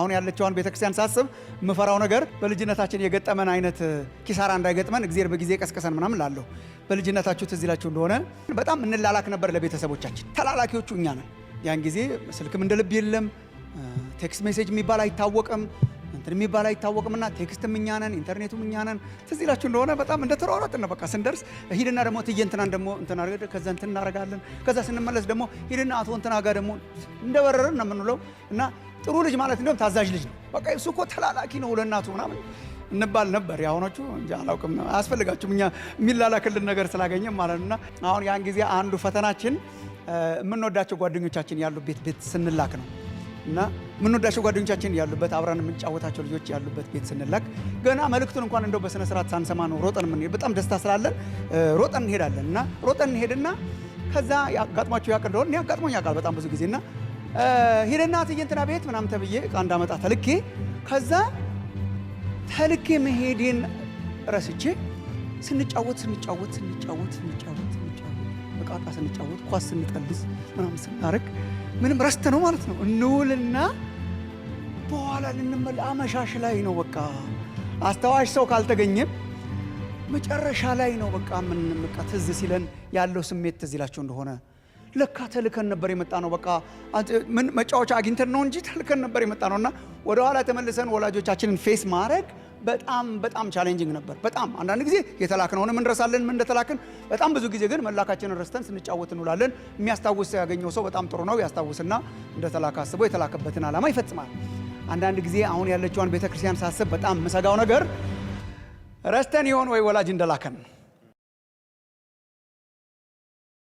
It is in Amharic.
አሁን ያለችውን ቤተክርስቲያን ሳስብ ምፈራው ነገር በልጅነታችን የገጠመን አይነት ኪሳራ እንዳይገጥመን እግዚአብሔር በጊዜ ቀስቀሰን ምናምን ላለሁ በልጅነታችሁ ትዝ ይላችሁ እንደሆነ በጣም እንላላክ ነበር ለቤተሰቦቻችን። ተላላኪዎቹ እኛ ነን። ያን ጊዜ ስልክም እንደ ልብ የለም፣ ቴክስት ሜሴጅ የሚባል አይታወቅም፣ እንትን የሚባል አይታወቅም። ቴክስትም እኛ ነን፣ ኢንተርኔቱም እኛ ነን። ትዝ ይላችሁ እንደሆነ በጣም እንደ ነው። በቃ ስንደርስ ሂድና ደግሞ ትዬ እንትናን ደግሞ እንትን አድርገህ ከዛ እንትን እናደርጋለን። ከዛ ስንመለስ ደግሞ ሂድና አቶ እንትና ጋር ደግሞ እንደበረረን ነው የምንውለው እና ጥሩ ልጅ ማለት እንደውም ታዛዥ ልጅ ነው። በቃ እሱ እኮ ተላላኪ ነው ለእናቱ ምናምን እንባል ነበር። ያሁኖቹ እንጂ አላውቅም፣ አያስፈልጋችሁም እኛ የሚላላክልን ነገር ስላገኘም ማለት ነውና አሁን ያን ጊዜ አንዱ ፈተናችን የምንወዳቸው ጓደኞቻችን ያሉበት ቤት ስንላክ ነው እና የምንወዳቸው ጓደኞቻችን ያሉበት አብረን የምንጫወታቸው ልጆች ያሉበት ቤት ስንላክ ገና መልእክቱን እንኳን እንደው በስነ ስርዓት ሳንሰማ ነው ሮጠን የምንሄድ። በጣም ደስታ ስላለን ሮጠን እንሄዳለን እና ሮጠን እንሄድና ከዛ ያጋጥሟቸው ያውቅ እንደሆነ ያጋጥሞኝ ያውቃል በጣም ብዙ ጊዜ እና ሂደና ትየንትና ቤት ምናምን ተብዬ ዕቃ እንዳመጣ ተልኬ ከዛ ተልኬ መሄዴን ረስቼ ስንጫወት ስንጫወት ስንጫወት ስንጫወት ስንጫወት ስንጫወት ኳስ ስንጠልስ ምናምን ስናደርግ ምንም ረስተ ነው ማለት ነው እንውልና በኋላ ልንመል አመሻሽ ላይ ነው በቃ አስታዋሽ ሰው ካልተገኘም መጨረሻ ላይ ነው በቃ ምን ትዝ ሲለን ያለው ስሜት ትዝ ይላቸው እንደሆነ ለካ ተልከን ነበር የመጣ ነው። በቃ ምን መጫወቻ አግኝተን ነው እንጂ ተልከን ነበር የመጣ ነው እና ወደኋላ ተመልሰን ወላጆቻችንን ፌስ ማድረግ በጣም በጣም ቻሌንጂንግ ነበር። በጣም አንዳንድ ጊዜ የተላክነውንም እንረሳለን፣ ምን እንደተላክን። በጣም ብዙ ጊዜ ግን መላካችንን ረስተን ስንጫወት እንውላለን። የሚያስታውስ ያገኘው ሰው በጣም ጥሩ ነው። ያስታውስና እንደተላከ አስቦ የተላከበትን ዓላማ ይፈጽማል። አንዳንድ ጊዜ አሁን ያለችዋን ቤተክርስቲያን ሳስብ በጣም የምሰጋው ነገር ረስተን ይሆን ወይ ወላጅ እንደላከን